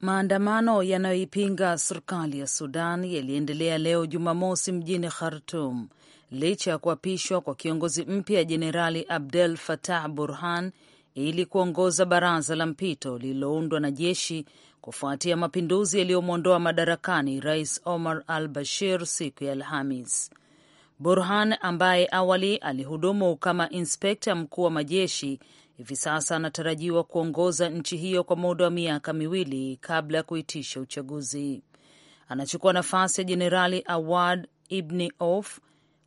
Maandamano yanayoipinga serikali ya Sudan yaliendelea leo Jumamosi mjini Khartum licha ya kuapishwa kwa kiongozi mpya Jenerali Abdel Fattah Burhan ili kuongoza baraza la mpito lililoundwa na jeshi kufuatia mapinduzi yaliyomwondoa madarakani Rais Omar al Bashir siku ya Alhamis. Burhan ambaye awali alihudumu kama inspekta mkuu wa majeshi hivi sasa anatarajiwa kuongoza nchi hiyo kwa muda wa miaka miwili kabla ya kuitisha uchaguzi. Anachukua nafasi ya Jenerali Awad Ibni Auf,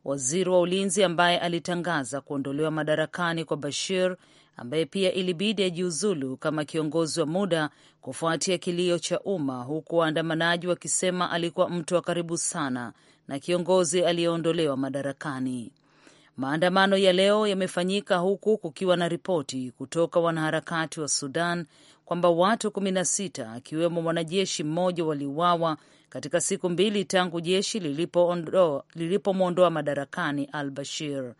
waziri wa ulinzi ambaye alitangaza kuondolewa madarakani kwa Bashir, ambaye pia ilibidi ajiuzulu kama kiongozi wa muda kufuatia kilio cha umma, huku waandamanaji wakisema alikuwa mtu wa karibu sana na kiongozi aliyeondolewa madarakani. Maandamano ya leo yamefanyika huku kukiwa na ripoti kutoka wanaharakati wa Sudan kwamba watu 16 akiwemo mwanajeshi mmoja waliuawa katika siku mbili tangu jeshi lilipomwondoa lilipo madarakani al Bashir.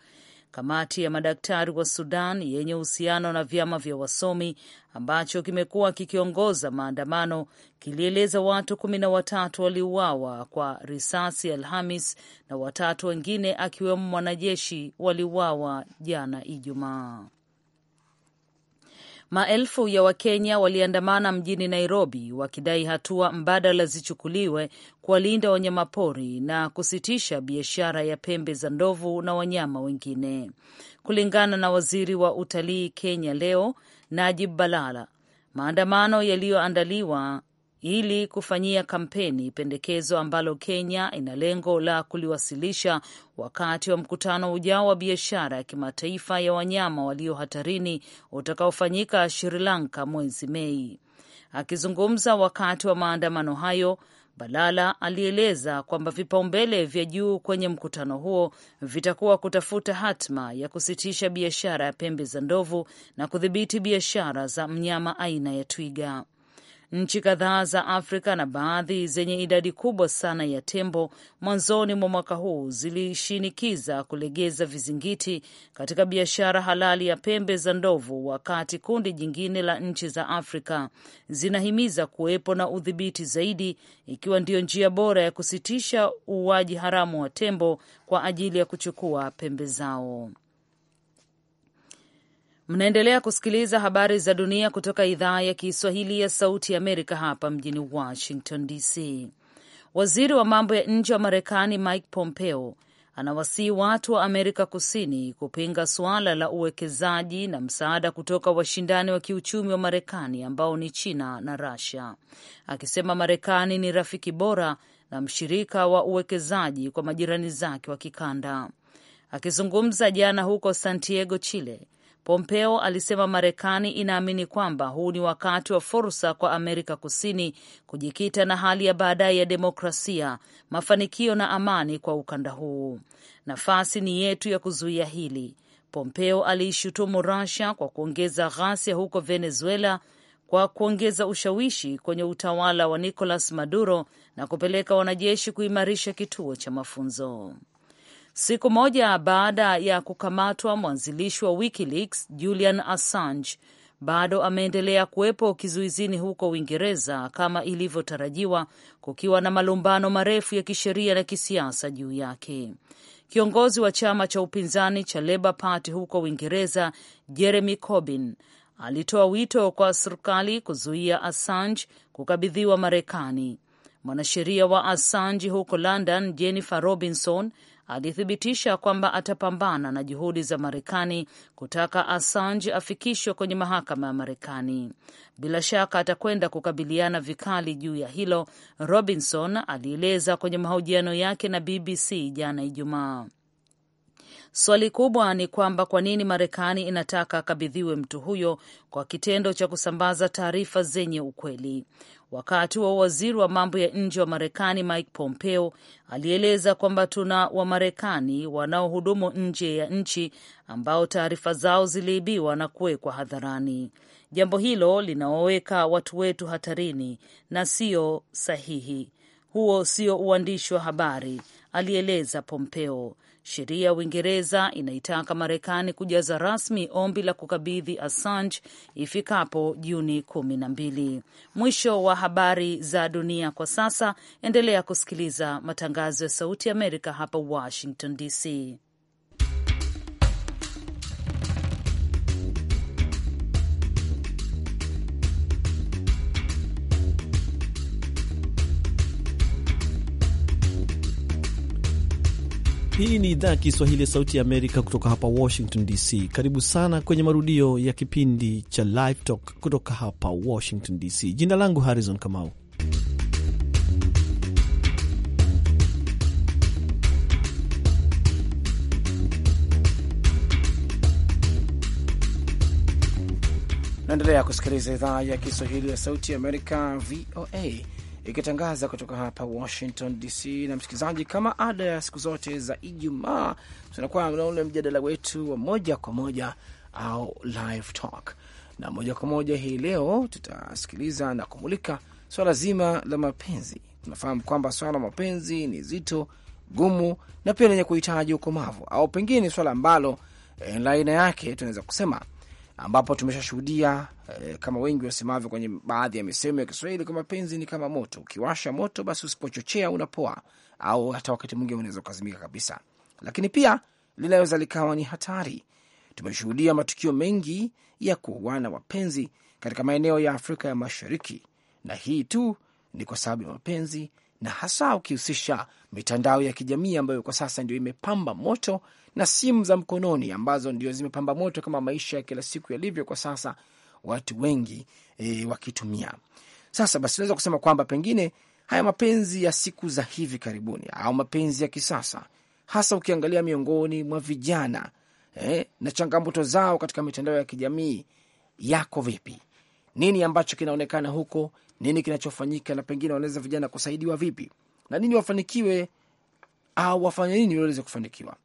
Kamati ya madaktari wa Sudan yenye uhusiano na vyama vya wasomi ambacho kimekuwa kikiongoza maandamano kilieleza watu kumi na watatu waliuawa kwa risasi Alhamis na watatu wengine akiwemo mwanajeshi waliuawa jana Ijumaa. Maelfu ya Wakenya waliandamana mjini Nairobi wakidai hatua mbadala zichukuliwe kuwalinda wanyamapori na kusitisha biashara ya pembe za ndovu na wanyama wengine. Kulingana na waziri wa utalii Kenya leo Najib Balala, maandamano yaliyoandaliwa ili kufanyia kampeni pendekezo ambalo Kenya ina lengo la kuliwasilisha wakati wa mkutano ujao wa biashara ya kimataifa ya wanyama walio hatarini utakaofanyika Sri Lanka mwezi Mei. Akizungumza wakati wa maandamano hayo, Balala alieleza kwamba vipaumbele vya juu kwenye mkutano huo vitakuwa kutafuta hatma ya kusitisha biashara ya pembe za ndovu na kudhibiti biashara za mnyama aina ya twiga. Nchi kadhaa za Afrika na baadhi zenye idadi kubwa sana ya tembo mwanzoni mwa mwaka huu zilishinikiza kulegeza vizingiti katika biashara halali ya pembe za ndovu, wakati kundi jingine la nchi za Afrika zinahimiza kuwepo na udhibiti zaidi, ikiwa ndiyo njia bora ya kusitisha uuaji haramu wa tembo kwa ajili ya kuchukua pembe zao. Mnaendelea kusikiliza habari za dunia kutoka idhaa ya Kiswahili ya Sauti ya Amerika hapa mjini Washington DC. Waziri wa mambo ya nje wa Marekani Mike Pompeo anawasihi watu wa Amerika Kusini kupinga suala la uwekezaji na msaada kutoka washindani wa kiuchumi wa Marekani ambao ni China na rasia akisema Marekani ni rafiki bora na mshirika wa uwekezaji kwa majirani zake wa kikanda. Akizungumza jana huko Santiago, Chile, Pompeo alisema Marekani inaamini kwamba huu ni wakati wa fursa kwa Amerika Kusini kujikita na hali ya baadaye ya demokrasia, mafanikio na amani kwa ukanda huu. Nafasi ni yetu ya kuzuia hili. Pompeo aliishutumu Russia kwa kuongeza ghasia huko Venezuela kwa kuongeza ushawishi kwenye utawala wa Nicolas Maduro na kupeleka wanajeshi kuimarisha kituo cha mafunzo siku moja baada ya kukamatwa mwanzilishi wa WikiLeaks Julian Assange bado ameendelea kuwepo kizuizini huko Uingereza kama ilivyotarajiwa, kukiwa na malumbano marefu ya kisheria na kisiasa juu yake. Kiongozi wa chama cha upinzani cha Labour Party huko Uingereza, Jeremy Corbyn, alitoa wito kwa serikali kuzuia Assange kukabidhiwa Marekani. Mwanasheria wa Assange huko London, Jennifer Robinson, alithibitisha kwamba atapambana na juhudi za Marekani kutaka Assange afikishwe kwenye mahakama ya Marekani. Bila shaka atakwenda kukabiliana vikali juu ya hilo, Robinson alieleza kwenye mahojiano yake na BBC jana Ijumaa. Swali kubwa ni kwamba kwa nini Marekani inataka akabidhiwe mtu huyo kwa kitendo cha kusambaza taarifa zenye ukweli. Wakati wa waziri wa mambo ya nje wa Marekani Mike Pompeo alieleza kwamba tuna Wamarekani wanaohudumu nje ya nchi ambao taarifa zao ziliibiwa na kuwekwa hadharani. Jambo hilo linawaweka watu wetu hatarini na sio sahihi. Huo sio uandishi wa habari, alieleza Pompeo. Sheria ya Uingereza inaitaka Marekani kujaza rasmi ombi la kukabidhi Assange ifikapo Juni kumi na mbili. Mwisho wa habari za dunia kwa sasa. Endelea kusikiliza matangazo ya Sauti ya Amerika hapa Washington DC. Hii ni idhaa ya Kiswahili ya Sauti ya Amerika kutoka hapa Washington DC. Karibu sana kwenye marudio ya kipindi cha Live Talk kutoka hapa Washington DC. Jina langu Harrison Kamau. Naendelea kusikiliza idhaa ya Kiswahili ya Sauti ya Amerika, VOA ikitangaza kutoka hapa Washington DC. Na msikilizaji, kama ada ya siku zote za Ijumaa, tunakuwa na ule mjadala wetu wa moja kwa moja au live talk, na moja kwa moja hii leo tutasikiliza na kumulika swala zima la mapenzi. Tunafahamu kwamba swala la mapenzi ni zito, gumu na pia lenye kuhitaji ukomavu, au pengine swala ambalo eh, la aina yake tunaweza kusema ambapo tumeshashuhudia eh, kama wengi wasemavyo kwenye baadhi ya misemo ya Kiswahili kwamba penzi ni kama moto, ukiwasha moto basi usipochochea unapoa, au hata wakati mwingine unaweza ukazimika kabisa, lakini pia linaweza likawa ni hatari. Tumeshuhudia matukio mengi ya kuuana wapenzi katika maeneo ya Afrika ya Mashariki, na hii tu ni kwa sababu ya mapenzi, na hasa ukihusisha mitandao ya kijamii ambayo kwa sasa ndio imepamba moto na simu za mkononi ambazo ndio zimepamba moto kama maisha ya kila siku yalivyo kwa sasa, watu wengi e, wakitumia. Sasa basi, unaweza kusema kwamba pengine haya mapenzi ya siku za hivi karibuni au mapenzi ya kisasa, hasa ukiangalia miongoni mwa vijana eh, na changamoto zao katika mitandao ya kijamii yako vipi? Nini ambacho kinaonekana huko? Nini kinachofanyika? Na pengine wanaweza vijana kusaidiwa vipi, na nini wafanikiwe au wafanye nini waweze kufanikiwa?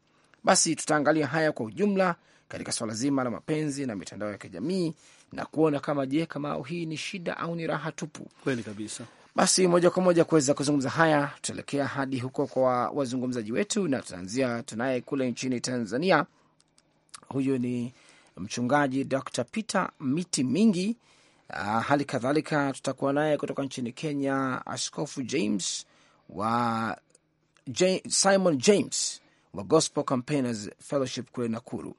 Basi tutaangalia haya kwa ujumla katika swala zima la mapenzi na mitandao ya kijamii na kuona kama je, kama hii ni shida au ni raha tupu. Kweli kabisa. Basi moja kwa moja kuweza kuzungumza haya, tutaelekea hadi huko kwa wazungumzaji wetu, na tutaanzia tunaye kule nchini Tanzania. Huyu ni mchungaji Dr Peter Miti Mingi. Uh, hali kadhalika tutakuwa naye kutoka nchini Kenya, Askofu James wa J Simon James wa Gospel Campaigners Fellowship kule Nakuru.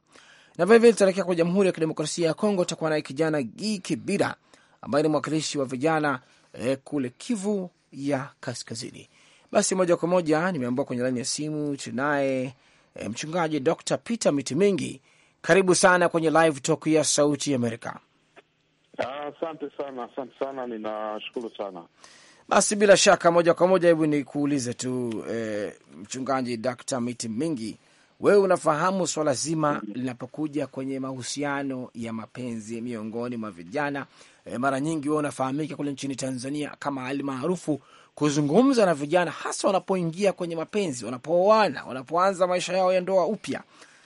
Na vilevile tutaelekea kwa Jamhuri ya Kidemokrasia ya Kongo, tutakuwa naye kijana Gi Kibira ambaye ni mwakilishi wa vijana eh, kule Kivu ya Kaskazini. Basi moja kwa moja nimeambua kwenye laini ya simu tunaye eh, mchungaji Dr Peter Mitimingi. Karibu sana kwenye Live Talk ya Sauti Amerika. Asante sana, asante sana, ninashukuru sana. Basi bila shaka moja kwa moja, hebu nikuulize tu eh, mchungaji Dr. Miti Mingi, wewe unafahamu swala zima linapokuja kwenye mahusiano ya mapenzi miongoni mwa vijana eh, mara nyingi wewe unafahamika kule nchini Tanzania kama hali maarufu kuzungumza na vijana, hasa wanapoingia kwenye mapenzi, wanapooana, wanapoanza maisha yao ya ndoa upya.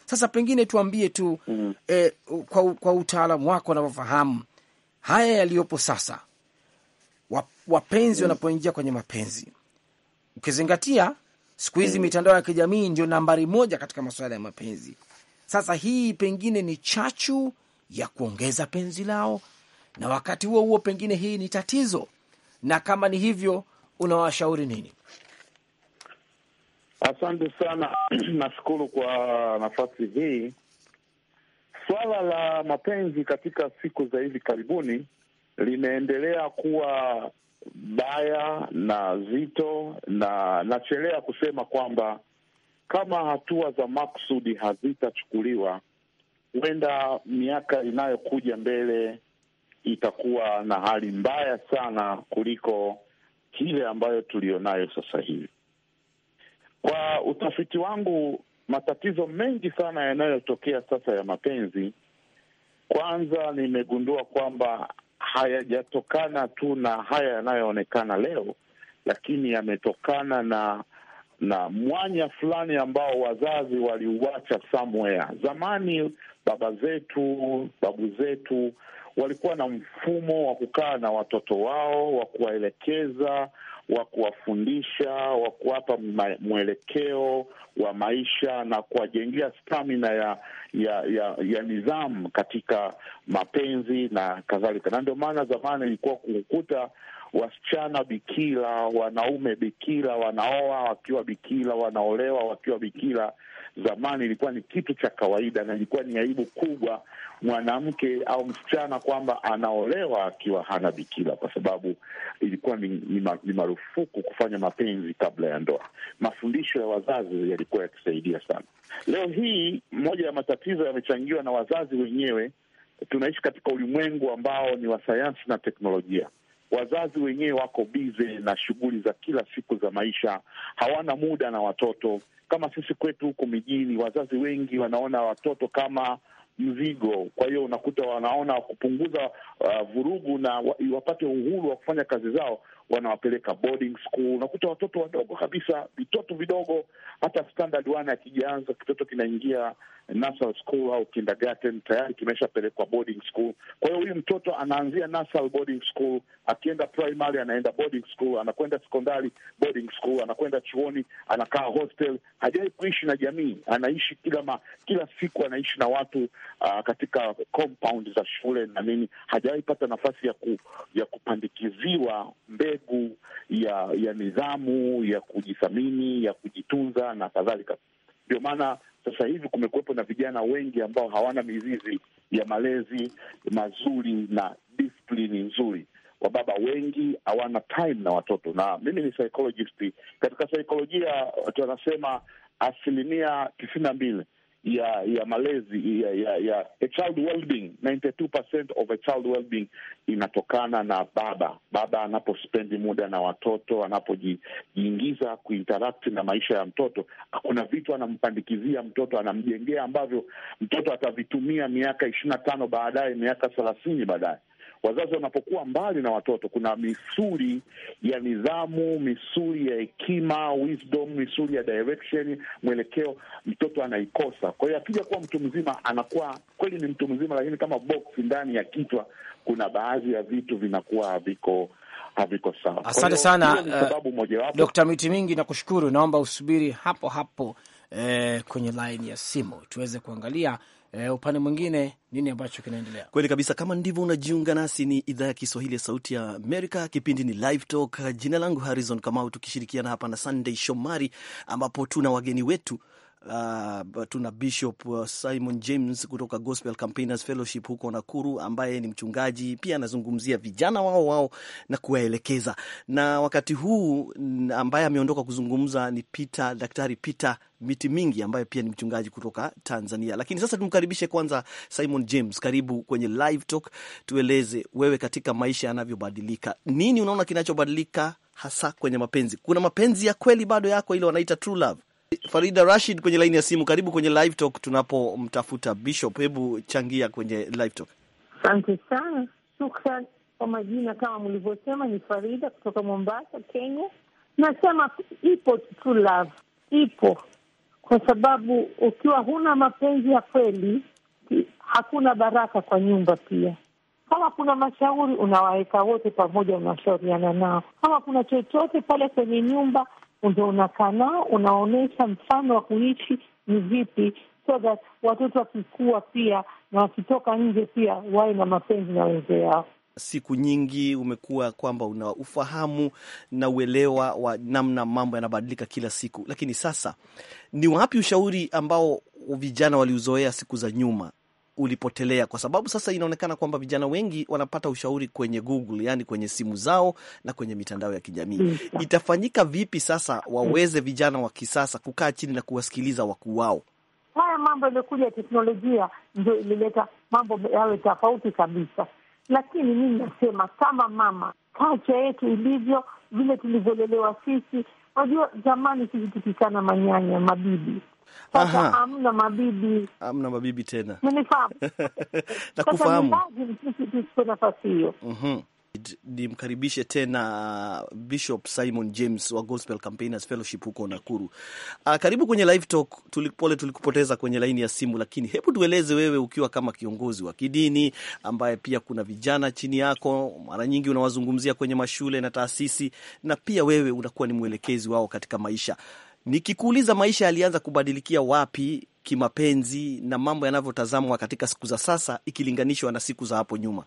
Sasa pengine tuambie tu mm-hmm. eh, kwa, kwa utaalamu wako unavyofahamu haya yaliyopo sasa wapenzi wanapoingia kwenye mapenzi. Ukizingatia siku hizi mitandao ya kijamii ndio nambari moja katika masuala ya mapenzi. Sasa hii pengine ni chachu ya kuongeza penzi lao, na wakati huo huo pengine hii ni tatizo. Na kama ni hivyo, unawashauri nini? Asante sana nashukuru kwa nafasi hii. Swala la mapenzi katika siku za hivi karibuni limeendelea kuwa Baya na zito, na nachelea kusema kwamba kama hatua za maksudi hazitachukuliwa, huenda miaka inayokuja mbele itakuwa na hali mbaya sana kuliko kile ambayo tuliyonayo sasa hivi. Kwa utafiti wangu, matatizo mengi sana yanayotokea sasa ya mapenzi, kwanza nimegundua kwamba hayajatokana tu na haya yanayoonekana leo, lakini yametokana na na mwanya fulani ambao wazazi waliuacha somewhere zamani. Baba zetu, babu zetu walikuwa na mfumo wa kukaa na watoto wao wa kuwaelekeza wa kuwafundisha, wa kuwapa mwelekeo wa maisha na kuwajengea stamina ya, ya ya ya nidhamu katika mapenzi na kadhalika. Na ndio maana zamani ilikuwa kukuta wasichana bikira, wanaume bikira, wanaoa wakiwa bikira, wanaolewa wakiwa bikira zamani ilikuwa ni kitu cha kawaida na ilikuwa ni aibu kubwa mwanamke au msichana kwamba anaolewa akiwa hana bikira, kwa sababu ilikuwa ni, ni, ni marufuku kufanya mapenzi kabla ya ndoa. Mafundisho ya wazazi yalikuwa yakisaidia sana. Leo hii moja ya matatizo yamechangiwa na wazazi wenyewe. Tunaishi katika ulimwengu ambao ni wa sayansi na teknolojia wazazi wenyewe wako bize na shughuli za kila siku za maisha, hawana muda na watoto. Kama sisi kwetu huku mijini, wazazi wengi wanaona watoto kama mzigo. Kwa hiyo unakuta wanaona kupunguza uh, vurugu na wapate uhuru wa kufanya kazi zao wanawapeleka boarding school, unakuta watoto wadogo kabisa, vitoto vidogo, hata standard one akijaanza kitoto kinaingia nursery school au kindergarten tayari kimeshapelekwa boarding school. Kwa hiyo huyu mtoto anaanzia nursery boarding school, akienda primary anaenda boarding school, anakwenda sekondari boarding school, anakwenda chuoni anakaa hostel. hajawai kuishi na jamii, anaishi kila ma, kila siku anaishi na watu uh, katika compound za shule na nini. Hajawahi pata nafasi ya, ku, ya kupandikiziwa mbele mbegu ya ya nidhamu ya kujithamini ya kujitunza na kadhalika. Ndio maana sasa hivi kumekuwepo na vijana wengi ambao hawana mizizi ya malezi mazuri na disiplini nzuri. Wababa wengi hawana time na watoto, na mimi ni psychologist. Katika saikolojia watu wanasema asilimia tisini na mbili ya ya malezi ya ya, ya a child wellbeing 92% of a child wellbeing inatokana na baba. Baba anapospendi muda na watoto, anapojiingiza kuinteract na maisha ya mtoto, kuna vitu anampandikizia mtoto, anamjengea ambavyo mtoto atavitumia miaka ishirini na tano baadaye, miaka thelathini baadaye wazazi wanapokuwa mbali na watoto, kuna misuli ya nidhamu, misuli ya hekima, wisdom, misuli ya direction, mwelekeo, mtoto anaikosa. Kwa hiyo akija kuwa mtu mzima anakuwa kweli ni mtu mzima, lakini kama box ndani ya kichwa kuna baadhi ya vitu vinakuwa haviko haviko sawa. Asante sana eh, sababu mojawapo. Miti Mingi, nakushukuru. Naomba usubiri hapo hapo eh, kwenye laini ya simu tuweze kuangalia e, upande mwingine nini ambacho kinaendelea. Kweli kabisa, kama ndivyo unajiunga nasi, ni idhaa ya Kiswahili ya Sauti ya Amerika, kipindi ni Live Talk. Jina langu Harrison Kamau, tukishirikiana hapa na Sunday Shomari, ambapo tuna wageni wetu Uh, tuna Bishop uh, Simon James kutoka Gospel Campaigners Fellowship huko Nakuru, ambaye ni mchungaji pia, anazungumzia vijana wao wao na kuwaelekeza. Na wakati huu ambaye ameondoka kuzungumza ni Peter, Daktari Peter Miti Mingi ambaye pia ni mchungaji kutoka Tanzania. Lakini sasa tumkaribishe kwanza Simon James, karibu kwenye Live Talk. Tueleze wewe, katika maisha yanavyobadilika, nini unaona kinachobadilika hasa kwenye mapenzi? Kuna mapenzi ya kweli bado yako, ile wanaita true love? Farida Rashid kwenye laini ya simu. Karibu kwenye Live Talk tunapomtafuta Bishop. Hebu changia kwenye Live Talk. Asante sana, shukran kwa majina. Kama mlivyosema, ni Farida kutoka Mombasa, Kenya. Nasema ipo true love, ipo kwa sababu ukiwa huna mapenzi ya kweli hakuna baraka kwa nyumba. Pia kama kuna mashauri unawaweka wote pamoja, unashauriana nao. Kama kuna chochote pale kwenye nyumba ndio unafanaa, unaonyesha mfano wa kuishi ni vipi, so that watoto wakikua pia na wakitoka nje pia wawe na mapenzi na wenzao yao. Siku nyingi umekuwa kwamba una ufahamu na uelewa wa namna mambo yanabadilika kila siku, lakini sasa ni wapi ushauri ambao vijana waliuzoea siku za nyuma ulipotelea, kwa sababu sasa inaonekana kwamba vijana wengi wanapata ushauri kwenye Google, yani kwenye simu zao na kwenye mitandao ya kijamii. Itafanyika vipi sasa waweze vijana wa kisasa kukaa chini na kuwasikiliza wakuu wao? Haya mambo yamekuja teknolojia, ndio ilileta mambo yawe tofauti kabisa. Lakini mimi nasema kama mama, kacha yetu ilivyo, vile tulivyolelewa sisi. wajua zamani sisi tukikana manyanya mabibi amna mabibi, hamna mabibi tena. Nakufahamu. tuchukue nafasi hiyo. Mhm. Nimkaribishe tena uh, Bishop Simon James wa Gospel Campaigners Fellowship huko Nakuru. Uh, karibu kwenye live talk. Tulipole tulikupoteza kwenye laini ya simu, lakini hebu tueleze wewe, ukiwa kama kiongozi wa kidini ambaye pia kuna vijana chini yako, mara nyingi unawazungumzia kwenye mashule na taasisi, na pia wewe unakuwa ni mwelekezi wao katika maisha. Nikikuuliza maisha yalianza kubadilikia wapi kimapenzi na mambo yanavyotazamwa katika siku za sasa ikilinganishwa na siku za hapo nyuma?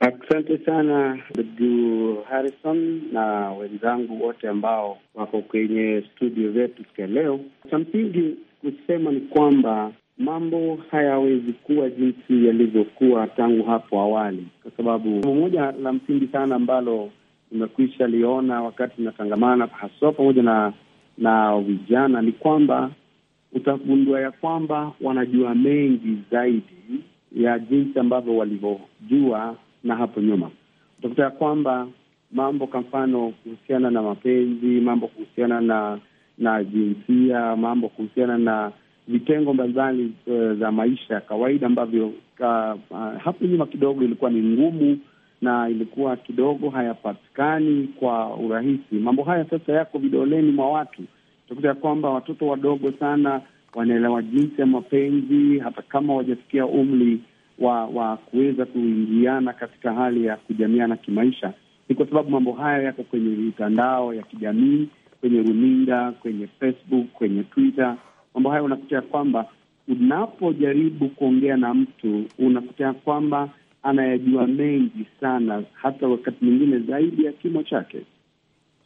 Asante sana ndugu Harrison na wenzangu wote ambao wako kwenye studio zetu siku ya leo. Cha msingi kusema ni kwamba mambo hayawezi kuwa jinsi yalivyokuwa tangu hapo awali, kwa sababu jambo moja la msingi sana ambalo imekwisha liona wakati inatangamana haswa pamoja na na vijana ni kwamba utagundua ya kwamba wanajua mengi zaidi ya jinsi ambavyo walivyojua na hapo nyuma. Utakuta ya kwamba mambo kwa mfano kuhusiana na mapenzi, mambo kuhusiana na na jinsia, mambo kuhusiana na vitengo mbalimbali uh, za maisha ya kawaida ambavyo ka, uh, ah, hapo nyuma kidogo ilikuwa ni ngumu na ilikuwa kidogo hayapatikani kwa urahisi. Mambo haya sasa yako vidoleni mwa watu, utakuta ya kwamba watoto wadogo sana wanaelewa jinsi ya mapenzi hata kama wajafikia umri wa wa kuweza kuingiana katika hali ya kujamiana kimaisha. Ni kwa sababu mambo haya yako kwenye mitandao ya kijamii, kwenye runinga, kwenye Facebook, kwenye Twitter. Mambo haya unakuta ya kwamba unapojaribu kuongea na mtu unakuta ya kwamba anayajua mengi sana, hata wakati mwingine zaidi ya kimo chake.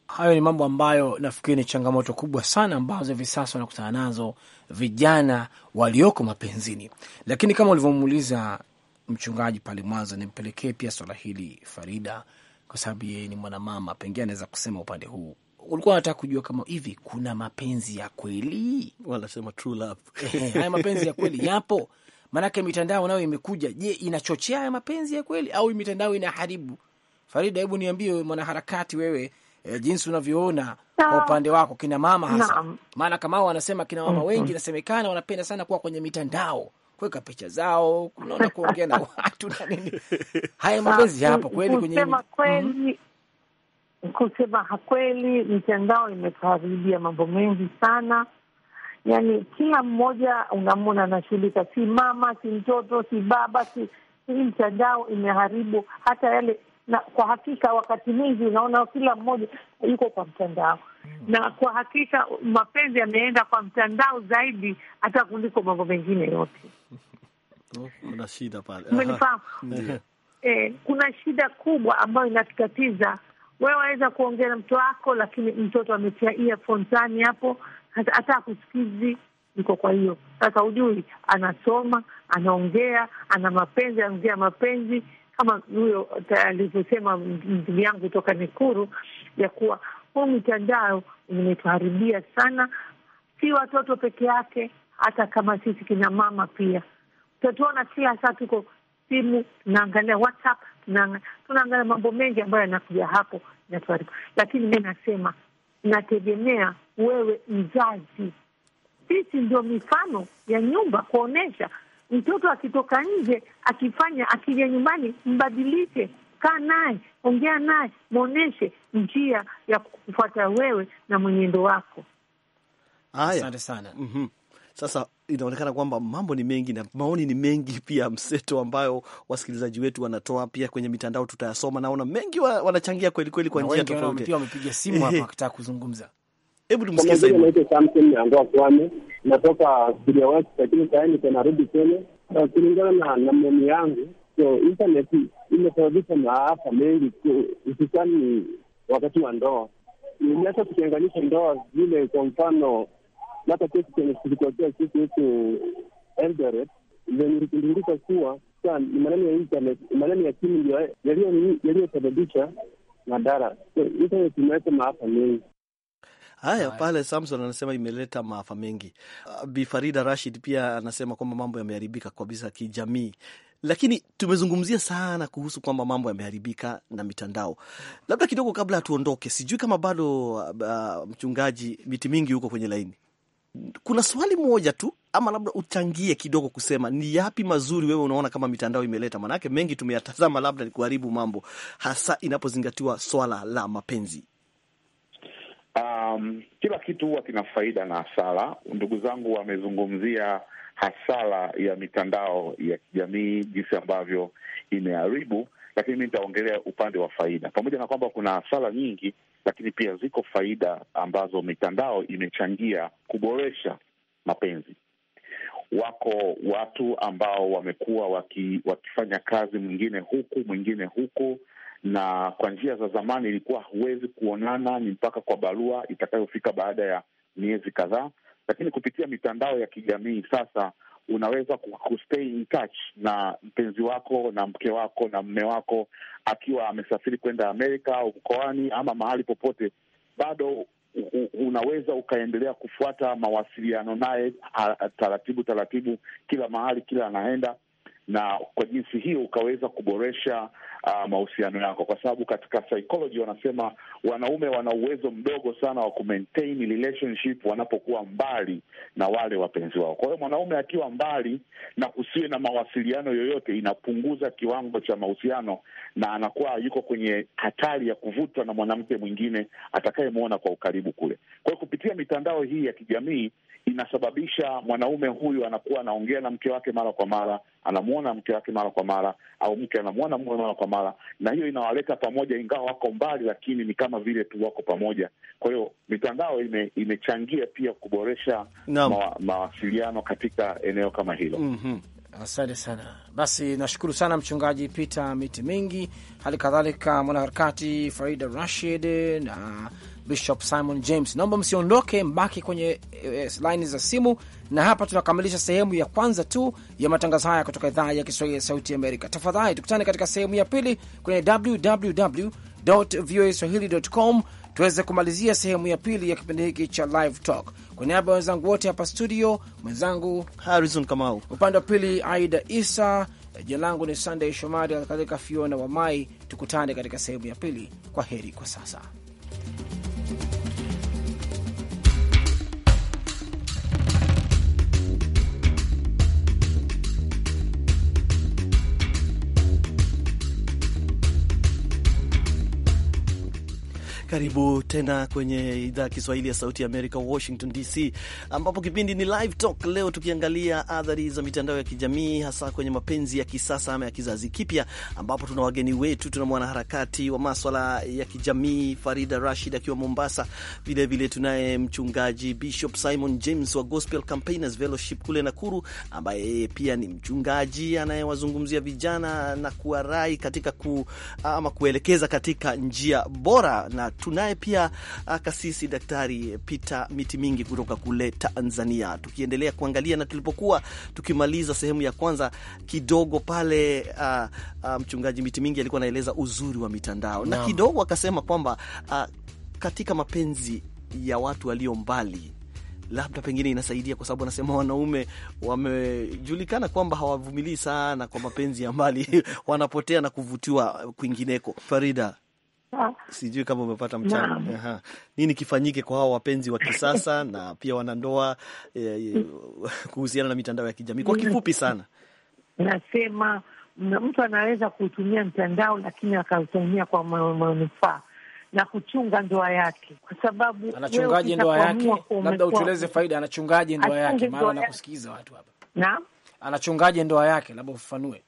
Hayo ni mambo ambayo nafikiri ni changamoto kubwa sana ambazo hivi sasa wanakutana nazo vijana walioko mapenzini. Lakini kama ulivyomuuliza mchungaji pale mwanzo, nimpelekee pia swala hili Farida, kwa sababu yeye ni mwanamama, pengine anaweza kusema upande huu ulikuwa unataka kujua kama hivi kuna mapenzi ya kweli, wanasema true love. Eh, haya mapenzi ya kweli yapo Maanake mitandao nayo imekuja. Je, inachochea ya mapenzi ya kweli au mitandao inaharibu? Farida, hebu niambie mwanaharakati wewe, e, jinsi unavyoona kwa upande wako kina mama hasa maana kama wanasema kina mama mm-hmm. wengi nasemekana wanapenda sana kuwa kwenye mitandao kuweka picha zao, unaona, kuongea na watu na nini. Haya mapenzi hapo kweli kwenye mm-hmm. kweli kusema kweli, mitandao imetuharibia mambo mengi sana, yani kila mmoja unamona anashughulika, si mama, si mtoto, si baba, si hii mtandao imeharibu hata yale na kwa hakika wakati mwingi unaona kila mmoja yuko kwa mtandao mm. Na kwa hakika mapenzi yameenda kwa mtandao zaidi hata kuliko mambo mengine yote. Oh, kuna shida pale, umenifahamu? Eh, kuna shida kubwa ambayo inatutatiza wewe waweza kuongea na mtu wako, lakini mtoto ametia earphone hapo, hata hata kusikizi iko. Kwa hiyo sasa hujui, anasoma anaongea, ana mapenzi, anaongea mapenzi kama huyo alivyosema ndugu yangu kutoka Nikuru ya kuwa huu mitandao imetuharibia sana, si watoto peke yake, hata kama sisi kina mama pia. Utatuona kila saa tuko simu, tunaangalia WhatsApp, na tunaangalia mambo mengi ambayo yanakuja hapo natuharibu. Lakini mi nasema nategemea wewe mzazi, sisi ndio mifano ya nyumba kuonyesha mtoto akitoka nje akifanya, akija nyumbani, mbadilike, kaa naye, ongea naye, mwonyeshe njia ya kufuata wewe na mwenendo wako. Haya, asante sana. mm -hmm. Sasa inaonekana kwamba mambo ni mengi na maoni ni mengi pia, mseto ambayo wasikilizaji wetu wanatoa pia kwenye mitandao, tutayasoma. Naona mengi wa, wanachangia kwelikweli kwa njia tofauti. Wamepiga simu hapa wakitaka kuzungumza. Hebu tumsikize. Naitwa Samson Nyangwa Kwame, natoka Studio West, lakini tayari narudi Kenya. Kulingana na na maoni yangu, so internet imesababisha maafa mengi, hususani wakati wa ndoa. Iliacha kutenganisha ndoa zile, kwa mfano hata kesi chenye kilitokea kesi yetu eh, Eldoret venye ikunduguka kuwa saa ni maneno ya internet, maneno ya timu ndio eh, yaliyosababisha madhara. Internet imeweka maafa mengi haya pale. Samson anasema imeleta maafa mengi. Ah, Bi Farida Rashid pia anasema kwamba mambo yameharibika kabisa kijamii, lakini tumezungumzia sana kuhusu kwamba mambo yameharibika na mitandao. Labda kidogo kabla hatuondoke, sijui kama bado uh, mchungaji miti mingi huko kwenye laini kuna swali moja tu ama labda uchangie kidogo kusema ni yapi mazuri wewe unaona kama mitandao imeleta, manake mengi tumeyatazama, labda ni kuharibu mambo, hasa inapozingatiwa swala la mapenzi. Um, kila kitu huwa kina faida na hasara. Ndugu zangu wamezungumzia hasara ya mitandao ya kijamii, jinsi ambavyo imeharibu, lakini mi nitaongelea upande wa faida, pamoja na kwamba kuna hasara nyingi lakini pia ziko faida ambazo mitandao imechangia kuboresha mapenzi. Wako watu ambao wamekuwa waki, wakifanya kazi mwingine huku mwingine huku, na kwa njia za zamani ilikuwa huwezi kuonana, ni mpaka kwa barua itakayofika baada ya miezi kadhaa, lakini kupitia mitandao ya kijamii sasa unaweza kustay in touch na mpenzi wako na mke wako na mme wako akiwa amesafiri kwenda Amerika au mkoani ama mahali popote, bado unaweza ukaendelea kufuata mawasiliano naye taratibu taratibu, kila mahali, kila anaenda na kwa jinsi hiyo ukaweza kuboresha uh, mahusiano yako, kwa sababu katika psychology wanasema wanaume wana uwezo mdogo sana wa kumaintain relationship wanapokuwa mbali na wale wapenzi wao. Kwa hiyo mwanaume akiwa mbali na kusiwe na mawasiliano yoyote, inapunguza kiwango cha mahusiano na anakuwa yuko kwenye hatari ya kuvutwa na mwanamke mwingine atakayemwona kwa ukaribu kule. Kwa hiyo kupitia mitandao hii ya kijamii inasababisha mwanaume huyu anakuwa anaongea na mke wake mara kwa mara, anamwona mke wake mara kwa mara, au mke anamwona mume mara kwa mara, na hiyo inawaleta pamoja, ingawa wako mbali, lakini ni kama vile tu wako pamoja. Kwa hiyo mitandao ime, imechangia pia kuboresha ma, mawasiliano katika eneo kama hilo. mm -hmm. Asante sana. Basi nashukuru sana Mchungaji Peter Miti Mingi, hali kadhalika mwanaharakati Faida Rashid na Bishop Simon James. Naomba msiondoke, mbaki kwenye eh, eh, e, laini za simu, na hapa tunakamilisha sehemu ya kwanza tu ya matangazo haya kutoka idhaa ya Kiswahili ya Sauti Amerika. Tafadhali tukutane katika sehemu ya pili kwenye www voa swahilicom tuweze kumalizia sehemu ya pili ya kipindi hiki cha Live Talk. Kwa niaba ya wenzangu wote hapa studio, mwenzangu Harrison Kamau, upande wa pili Aida Isa, jina langu ni Sunday Shomari, katika Fiona Wamai. Tukutane katika sehemu ya pili. Kwa heri kwa sasa. Karibu tena kwenye idhaa ya Kiswahili ya Sauti ya Amerika, Washington DC, ambapo kipindi ni Live Talk. Leo tukiangalia athari za mitandao ya kijamii, hasa kwenye mapenzi ya kisasa ama ya kizazi kipya, ambapo tuna wageni wetu. Tuna mwanaharakati wa maswala ya kijamii Farida Rashid akiwa Mombasa, vilevile tunaye mchungaji Bishop Simon James wa Gospel Campaigners Fellowship kule Nakuru, ambaye yeye pia ni mchungaji anayewazungumzia vijana na kuwarai katika ku, ama kuelekeza katika njia bora na tunaye pia uh, kasisi Daktari Peter Miti Mingi kutoka kule Tanzania, tukiendelea kuangalia na tulipokuwa tukimaliza sehemu ya kwanza kidogo pale uh, uh, mchungaji Miti Mingi alikuwa anaeleza uzuri wa mitandao no. na kidogo akasema kwamba uh, katika mapenzi ya watu walio mbali labda pengine inasaidia kwa sababu anasema wanaume wamejulikana kwamba hawavumilii sana kwa mapenzi ya mbali wanapotea na kuvutiwa kwingineko. Farida, Sijui kama umepata mchango. Aha. Nini kifanyike kwa hawa wapenzi wa kisasa na pia wanandoa e, kuhusiana na mitandao ya kijamii kwa kifupi sana? Nasema mtu anaweza kuutumia mtandao, lakini akautumia kwa manufaa na kuchunga ndoa yake, kwa sababu anachungaje ndoa yake? Labda utueleze faida, anachungaje ndoa yake, maana nakusikiza watu hapa. Naam, anachungaje ndoa yake, labda ufafanue.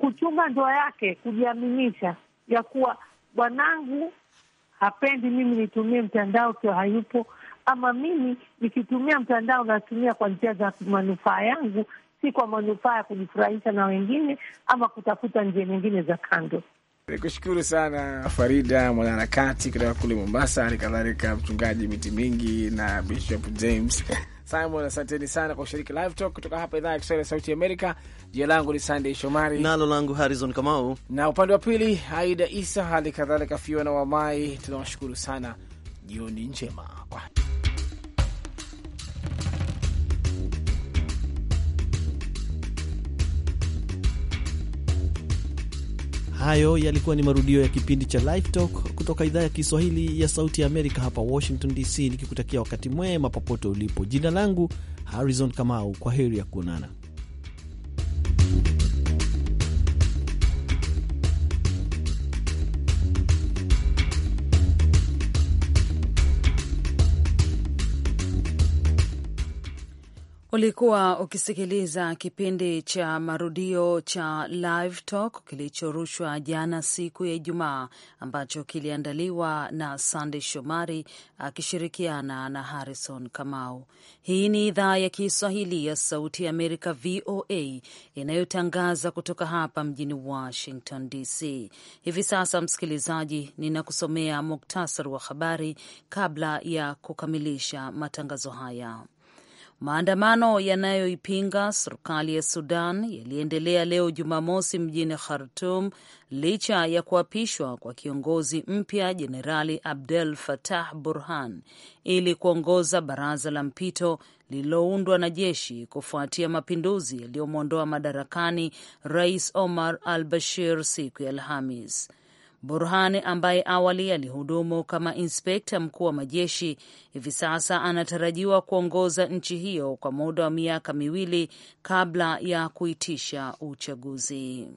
Kuchunga ndoa yake, kujiaminisha ya kuwa bwanangu hapendi mimi nitumie mtandao kiwa hayupo, ama mimi nikitumia mtandao natumia kwa njia za manufaa yangu, si kwa manufaa ya kujifurahisha na wengine ama kutafuta njia nyingine za kando. Nikushukuru sana Farida, mwanaharakati kutoka kule Mombasa, hali kadhalika mchungaji miti mingi na Bishop James Simon, asanteni sana kwa ushiriki live talk kutoka hapa idhaa ya Kiswahili ya Sauti Amerika. Jina langu ni sandey Shomari, nalo langu Harrison Kamau, na upande wa pili Aida Isa, hali kadhalika Fiona Wamai. Tunawashukuru sana, jioni njema. Hayo yalikuwa ni marudio ya kipindi cha Live Talk kutoka idhaa ya Kiswahili ya Sauti ya Amerika hapa Washington DC, nikikutakia wakati mwema popote ulipo. Jina langu Harrison Kamau, kwa heri ya kuonana. Ulikuwa ukisikiliza kipindi cha marudio cha Live Talk kilichorushwa jana siku ya Ijumaa, ambacho kiliandaliwa na Sandey Shomari akishirikiana na Harrison Kamau. Hii ni idhaa ya Kiswahili ya Sauti ya Amerika, VOA, inayotangaza kutoka hapa mjini Washington DC. Hivi sasa, msikilizaji, ninakusomea muktasari wa habari kabla ya kukamilisha matangazo haya. Maandamano yanayoipinga serikali ya Sudan yaliendelea leo Jumamosi mjini Khartum licha ya kuapishwa kwa kiongozi mpya Jenerali Abdel Fattah Burhan ili kuongoza baraza la mpito lililoundwa na jeshi kufuatia mapinduzi yaliyomwondoa madarakani Rais Omar al Bashir siku ya Alhamis burhan ambaye awali alihudumu kama inspekta mkuu wa majeshi, hivi sasa anatarajiwa kuongoza nchi hiyo kwa muda wa miaka miwili kabla ya kuitisha uchaguzi.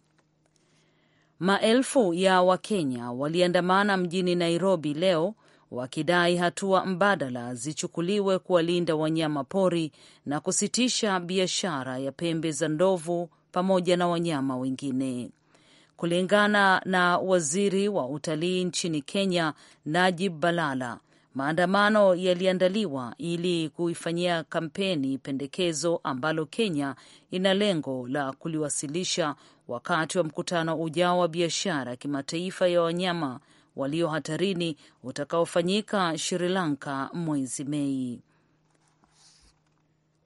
Maelfu ya Wakenya waliandamana mjini Nairobi leo wakidai hatua mbadala zichukuliwe kuwalinda wanyama pori na kusitisha biashara ya pembe za ndovu pamoja na wanyama wengine. Kulingana na waziri wa utalii nchini Kenya, Najib Balala, maandamano yaliandaliwa ili kuifanyia kampeni pendekezo ambalo Kenya ina lengo la kuliwasilisha wakati wa mkutano ujao wa biashara kimataifa ya wanyama walio hatarini utakaofanyika Sri Lanka mwezi Mei.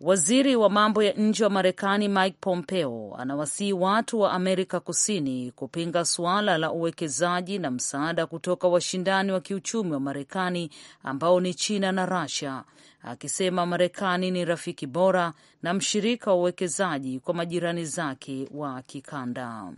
Waziri wa mambo ya nje wa Marekani Mike Pompeo anawasihi watu wa Amerika Kusini kupinga suala la uwekezaji na msaada kutoka washindani wa kiuchumi wa Marekani ambao ni China na Russia, akisema Marekani ni rafiki bora na mshirika wa uwekezaji kwa majirani zake wa kikanda.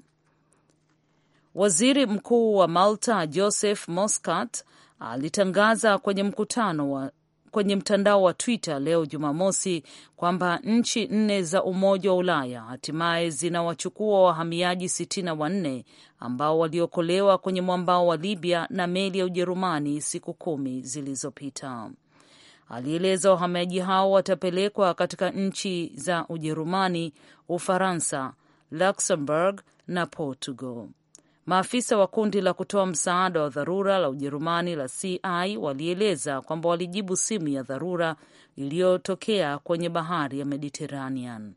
Waziri Mkuu wa Malta Joseph Muscat alitangaza kwenye mkutano wa kwenye mtandao wa Twitter leo Jumamosi kwamba nchi nne za Umoja wa Ulaya hatimaye zinawachukua wahamiaji sitini na wanne ambao waliokolewa kwenye mwambao wa Libya na meli ya Ujerumani siku kumi zilizopita. Alieleza wahamiaji hao watapelekwa katika nchi za Ujerumani, Ufaransa, Luxembourg na Portugal. Maafisa wa kundi la kutoa msaada wa dharura la Ujerumani la CI walieleza kwamba walijibu simu ya dharura iliyotokea kwenye bahari ya Mediterranean.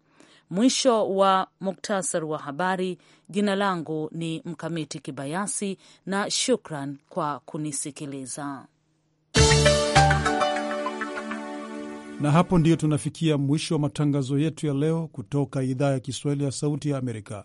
Mwisho wa muktasar wa habari. Jina langu ni Mkamiti Kibayasi na shukran kwa kunisikiliza. Na hapo ndiyo tunafikia mwisho wa matangazo yetu ya leo kutoka idhaa ya Kiswahili ya Sauti ya Amerika.